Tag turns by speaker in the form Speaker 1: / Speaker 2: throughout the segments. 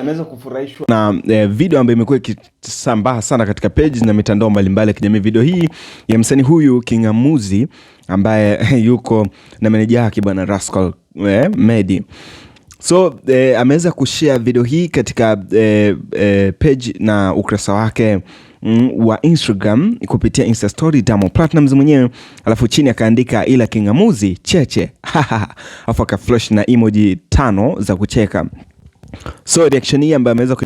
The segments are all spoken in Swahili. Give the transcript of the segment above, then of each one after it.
Speaker 1: ameweza kufurahishwa na eh, video ambayo imekuwa ikisambaa sana katika page na mitandao mbalimbali ya kijamii. Video hii ya msanii huyu King'amuzi ambaye eh, yuko na meneja yake bwana Rascal eh, Medi. So eh, ameweza kushare video hii katika eh, eh, page na ukurasa wake mm, wa Instagram kupitia Insta story Diamond Platnumz mwenyewe, alafu chini akaandika ila King'amuzi cheche, alafu akaflash na emoji tano za kucheka. So reaction hii ambayo ameweza ku...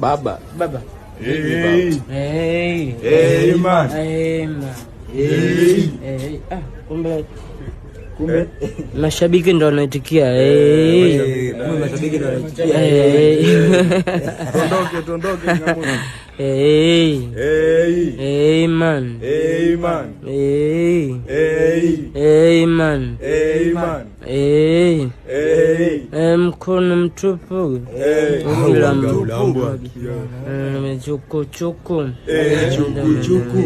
Speaker 2: baba
Speaker 3: baba
Speaker 4: Hey. Hey. Hey,
Speaker 5: Hey, man.
Speaker 6: Hey, man.
Speaker 7: Hey.
Speaker 8: Hey. Ah, kumbe
Speaker 9: kumbe
Speaker 10: mashabiki ndo wanaitikia. Hey.
Speaker 11: Mashabiki ndo wanaitikia.
Speaker 12: Tuondoke, tuondoke.
Speaker 10: Hey.
Speaker 13: Hey.
Speaker 10: Hey man.
Speaker 13: Hey man.
Speaker 10: Hey. Hey. Hey man.
Speaker 13: Hey man.
Speaker 10: Hey.
Speaker 13: Hey.
Speaker 10: Eh, mkono mtupu.
Speaker 13: Hey.
Speaker 14: Ula mtupu.
Speaker 10: Eh, chuku
Speaker 13: Hey. Eh,
Speaker 14: chuku chuku.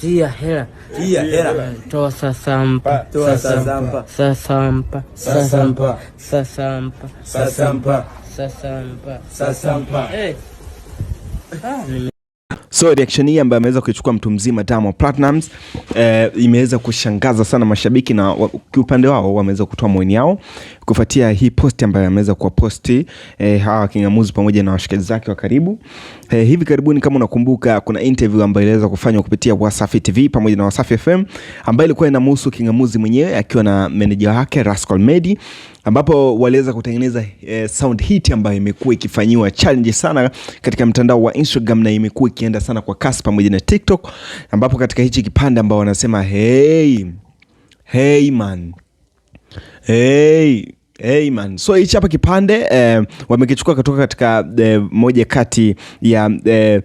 Speaker 10: Tia hera.
Speaker 13: Tia hera.
Speaker 10: Toa sasampa.
Speaker 13: Toa sasampa.
Speaker 10: Sasampa.
Speaker 13: Sasampa.
Speaker 10: Sasampa.
Speaker 13: Sasampa.
Speaker 10: Sasampa.
Speaker 13: Sasampa. Hey.
Speaker 1: So reaction hii ambayo ameweza kuichukua mtu mzima Diamond Platnumz eh, imeweza kushangaza sana mashabiki na kiupande wao wameweza kutoa maoni yao kufuatia hii posti ambayo ameweza kuwaposti eh, hawa kingamuzi pamoja na washikaji zake wa karibu. Eh, hivi karibuni kama unakumbuka, kuna interview ambayo iliweza kufanywa kupitia Wasafi TV pamoja na Wasafi FM ambayo ilikuwa inamhusu kingamuzi mwenyewe akiwa na meneja wake Rascal Medi ambapo waliweza kutengeneza eh, sound hit ambayo imekuwa ikifanyiwa challenge sana katika mtandao wa Instagram na imekuwa ikienda sana kwa kasi pamoja na TikTok, ambapo katika hichi kipande ambao wanasema hey, hey man hey Hey man. So hichi hapa kipande eh, wamekichukua kutoka katika eh, moja kati ya eh,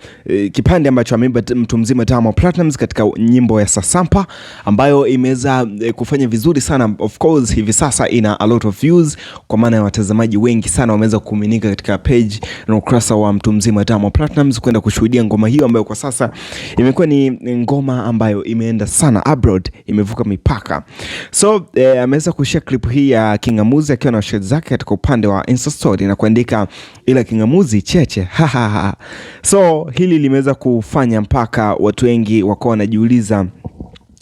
Speaker 1: kipande ambacho ameimba mtu mzima Diamond Platnumz katika nyimbo ya Sasampa ambayo imeweza eh, kufanya vizuri sana. Of course hivi sasa ina a lot of views kwa maana ya watazamaji wengi sana wameweza kuminika katika page na ukurasa wa mtu mzima Diamond Platnumz kwenda kushuhudia ngoma hiyo ambayo kwa sasa imekuwa ni ngoma ambayo imeenda sana abroad, imevuka mipaka. So eh, ameweza kushare clip hii ya Kingamuzi akiwa na shot zake katika upande wa Insta story na kuandika ila king'amuzi cheche hahaha. So hili limeweza kufanya mpaka watu wengi wakawa wanajiuliza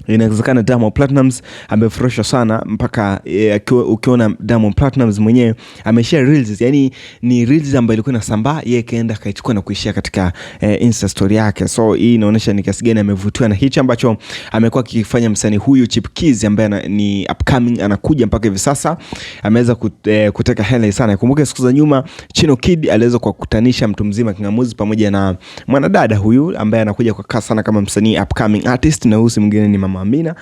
Speaker 1: Inawezekana Diamond Platnumz amefurahishwa sana mpaka e, ukiona Diamond Platnumz mwenyewe ameshare reels, yani ni reels ambayo ilikuwa inasambaa, yeye kaenda kaichukua na kuishia katika e, Insta story yake. So hii inaonyesha ni kiasi gani amevutiwa na hichi ambacho amekuwa akifanya msanii huyu Chipkiz ambaye ni upcoming, anakuja mpaka hivi sasa ameweza kut, e, kuteka hela sana. Kumbuke siku za nyuma Chino Kid aliweza kuwakutanisha mtu mzima kingamuzi pamoja na mwanadada huyu ambaye anakuja kwa kasi sana kama msanii upcoming artist, na huyu si mwingine ni mama kama Amina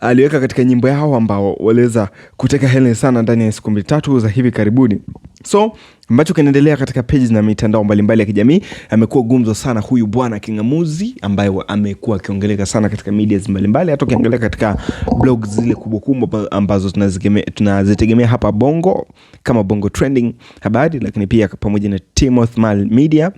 Speaker 1: aliweka katika nyimbo yao ambao waliweza kuteka hele sana ndani ya siku mbili tatu za hivi karibuni. So ambacho kinaendelea katika pages na mitandao mbalimbali ya kijamii, amekuwa gumzo sana huyu bwana King'amuzi, ambaye amekuwa akiongeleka sana katika media mbalimbali, hata ukiangalia katika blogs zile kubwa kubwa ambazo tunazitegemea hapa Bongo kama Bongo Trending habari, lakini pia pamoja na Timothy Mal Media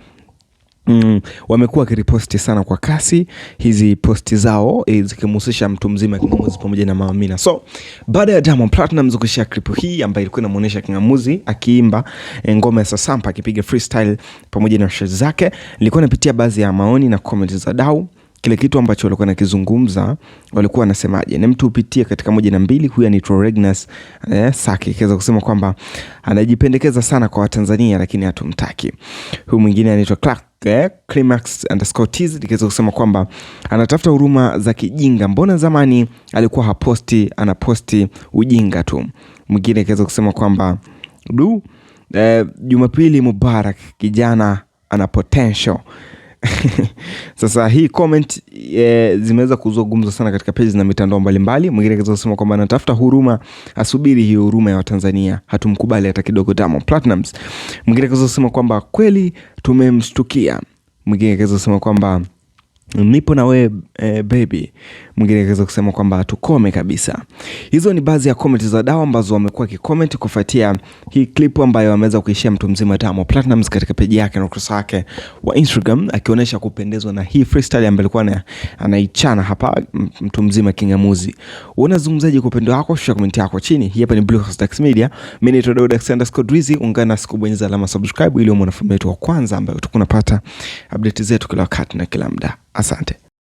Speaker 1: Mm, wamekuwa wakiriposti sana kwa kasi hizi posti zao eh, zikimhusisha mtu mzima King'amuzi pamoja na Maamina. So baada ya Diamond Platnumz kushare clip hii ambayo ilikuwa inamuonyesha King'amuzi akiimba eh, ngoma ya Sasampa akipiga freestyle pamoja na shots zake, ilikuwa inapitia baadhi ya maoni na comment za dau kile kitu ambacho walikuwa nakizungumza, walikuwa wanasemaje? Ni mtu upitie katika moja na mbili, huyu ni Troregnas eh, Saki kaweza kusema kwamba anajipendekeza sana kwa Watanzania lakini hatumtaki. Huyu mwingine anaitwa Clark eh, Climax likiweza kusema kwamba anatafuta huruma za kijinga, mbona zamani alikuwa haposti, anaposti ujinga tu. Mwingine akiweza kusema kwamba du, eh, Jumapili Mubarak, kijana ana potential. Sasa hii comment e, zimeweza kuzungumzwa sana katika peji na mitandao mbalimbali. Mwingine akaweza kusema kwamba anatafuta huruma, asubiri hiyo huruma ya Watanzania, hatumkubali hata kidogo Diamond Platnumz. Mwingine akaweza kusema kwamba kweli tumemshtukia. Mwingine akaweza kusema kwamba nipo na we e, baby. Mwingine akaweza kusema kwamba tukome kabisa. Hizo ni baadhi ya comment za dawa ambazo wamekuwa kicomment kufuatia hii clip ambayo ameweza kuishia mtu mzima Diamond Platnumz katika peji yake na ukurasa wake wa Instagram akionyesha kupendezwa na hii freestyle ambayo alikuwa anaichana hapa mtu mzima kingamuzi. Unazungumzaje kwa upendo wako? Shusha comment yako chini. hapa ni Blue House Dax Media. Mimi ni Daud underscore Skodrizi, ungana nasi kubonyeza alama subscribe ili uone familia yetu wa kwanza ambayo tukunapata update zetu kila wakati na kila muda. Casante.